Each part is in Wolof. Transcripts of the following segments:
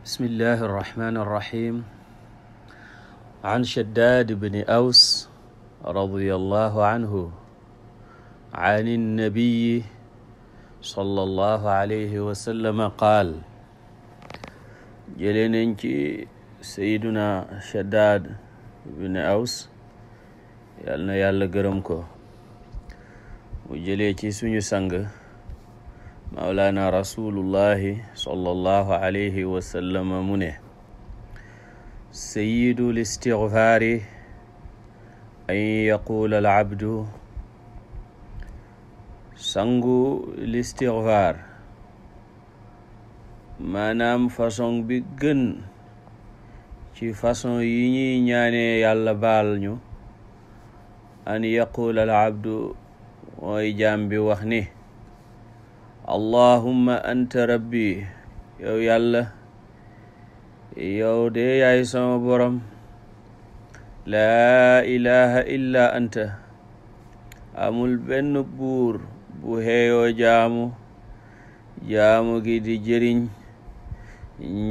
بسم الله الرحمن الرحيم عن شداد بن أوس رضي الله عنه عن النبي صلى الله عليه وسلم قال جلننك سيدنا شداد بن أوس yàlla na yàlla gërëm ko mu jëlee ci suñu sang maulana rasulullahi sallallahu alayhi wa mu ne sayidul istigfaari an yaquula al abdu sangu listigfaar maanaam façon bi gën ci façon yi ñuy ñaane yàlla baal ñu an yaquula al abdu mooy jaam bi wax ni allahumma anta rabbi yow yàlla yow de yaay sama borom ilaha illa anta amul benn buur bu jaamu jaamu gi di jëriñ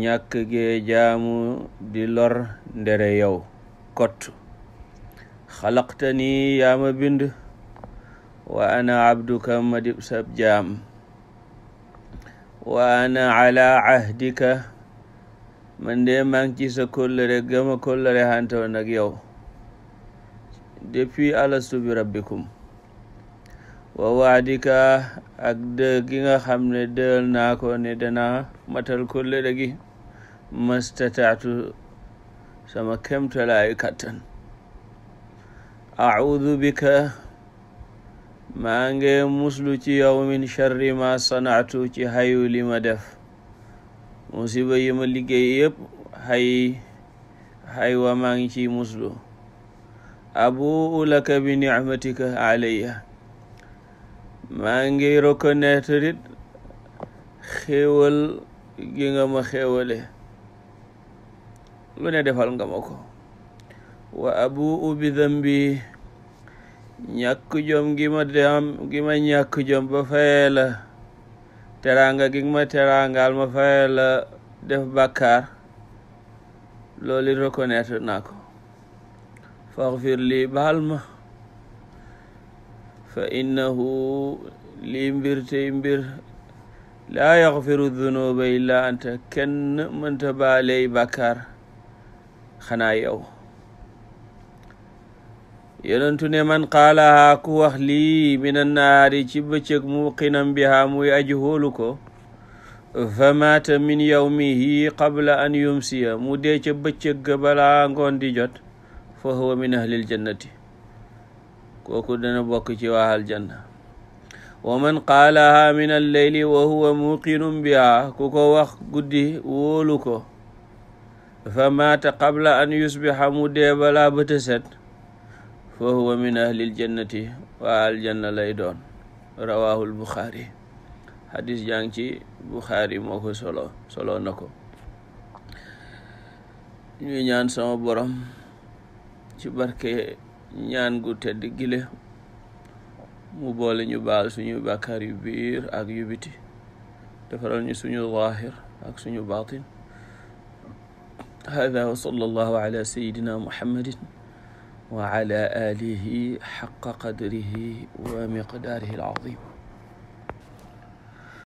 ñàkk gee jaamu di lor ndere yow kott xalaqta nii yaa bind wa ana abduka ma dib sab wa ana ala ahdika man de maa ngi ci sa kóllëre gama kóllëre hante woon ak yow depuis alastu bi rabbikum wa waadika ak dë gi nga xam ne dël naa ko ne danaa matal kóllëre gi mastataatu sama kemtalaay kattan audu bika maa ngi muslu ci yow min sharri ma sanaatu ci hayu li ma def musiba yi ma liggéey yëpp hay hay wa maa ngi ci muslu abuu laka bi nicmatika alayya maa ngi reconnaître it gi nga ma xéewale lu ne defal nga ma ko wa abuu bi dambi ñàkk jom gi ma dem gi ma ba fayee teraanga gi ma ma fayee def bàkkaar loolu reconnaître naa ko faxfir lii baal fa innahu lii mbir tey mbir laa yaxfiru dunuba illa anta kenn mënta baaley bàkkaar xanaa yow yonentu ne man qaalahaa ku wax lii min annahaari ci bëccëg muqinan biha muy aji hóolu ko fa maata min yawmihi qabla an yumsiya mu dee ca bëccëg ga balaa ngoon di jot fa huwa min ahlil jannati kooku dana bokk ci waa aljanna wa man qaalahaa min alleyli wa huwa muqinun biha ku ko wax guddi wóolu ko fa maata qabla an yusbiha mu dee balaa bëtë fa huwa min ahlil jannati aljanna lay doon rawaahul buxaari hadis jàng ci buxaari moo ko solo solo na ko ñuy ñaan sama borom ci barke ñaan gu tedd gile mu boole ñu baal suñu bàkkaar yu biir ak yu biti defaral ñu suñu zaahir ak suñu baatin hada wa sallallahu ala sayidina muhammadin wa ala alihi xaqa qadrihi wa miqdaarihi al-aziim